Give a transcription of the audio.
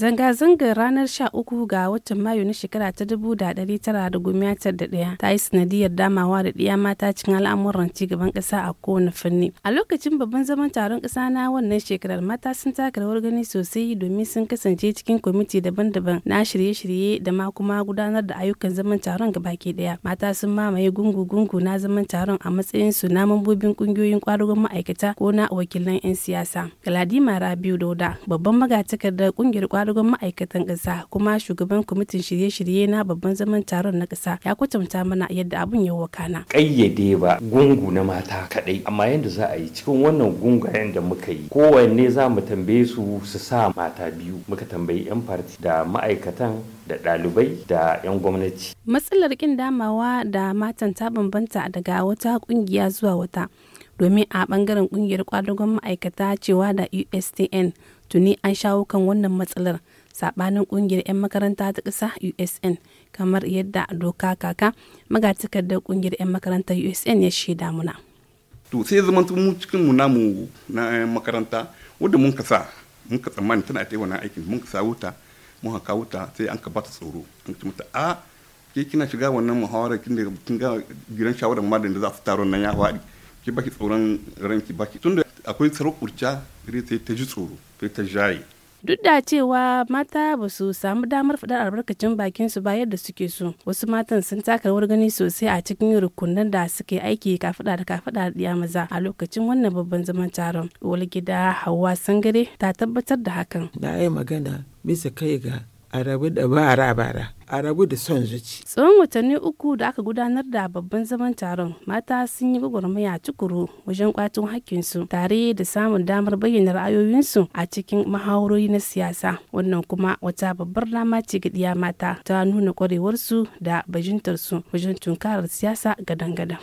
Zanga-zangar ranar 13 ga watan Mayu na shekara ta dubu da da tara 1991 ta yi sanadiyar damawa da ɗiya mata cikin al'amuran ci gaban ƙasa a kowane fanni. A lokacin babban zaman taron ƙasa na wannan shekarar mata sun taka rawar gani sosai domin sun kasance cikin kwamiti daban-daban na shirye-shirye da ma kuma gudanar da ayyukan zaman taron gabaki ɗaya. Mata sun mamaye gungu-gungu na zaman taron a matsayin su na mambobin ƙungiyoyin ƙwarugon ma'aikata ko na wakilan 'yan siyasa. Galadima Rabiu Dauda babban magatakardar ƙungiyar kwadugon ma'aikatan ƙasa kuma shugaban kwamitin shirye-shirye na babban zaman taron na ƙasa ya kwatanta mana yadda abun ya wakana. Ƙayyade ba gungu na mata kaɗai amma yadda za a yi cikin wannan gungayen da muka yi kowanne za mu tambaye su su sa mata biyu muka tambayi 'yan farti da ma'aikatan da ɗalibai da 'yan gwamnati. Matsalar ƙin damawa da matan ta bambanta daga wata ƙungiya zuwa wata. domin a bangaren kungiyar kwadagon ma'aikata cewa da ustn tuni an shawo kan wannan matsalar sabanin kungiyar 'yan makaranta ta ƙasa usn kamar yadda doka kaka da kungiyar 'yan makaranta usn ya shaida muna to sai zama mu cikin mu na makaranta wanda mun kasa mun ka tsammani tana ta yi wannan aikin mun kasa wuta mun haka wuta sai an ka bata tsoro an ci mata a ke kina shiga wannan muhawara kin da kin ga giran shawarar ma da za su taron nan ya faɗi ki baki tsoron ranki baki tunda akwai tsaron urja ta ji tsoro ta jaye duk da cewa mata ba su samu damar faɗar albarkacin bakin su ba yadda suke so wasu matan sun taka rawar gani sosai a cikin rukunan da suke aiki kafaɗa da kafaɗa da maza a lokacin wannan babban zaman taron uwar gida hawa sangare ta tabbatar da hakan na magana bisa kai ga a rabu da bara-bara a rabu da son zuci. tsawon watanni uku da aka gudanar da babban zaman taron mata sun yi gwagwarmaya tukuru wajen kwatun hakkinsu tare da samun damar bayyana ra'ayoyinsu a cikin mahawarori na siyasa wannan kuma wata babbar dama ce ga mata ta nuna kwarewarsu da bajintarsu wajen tunkarar siyasa gadan-gadan.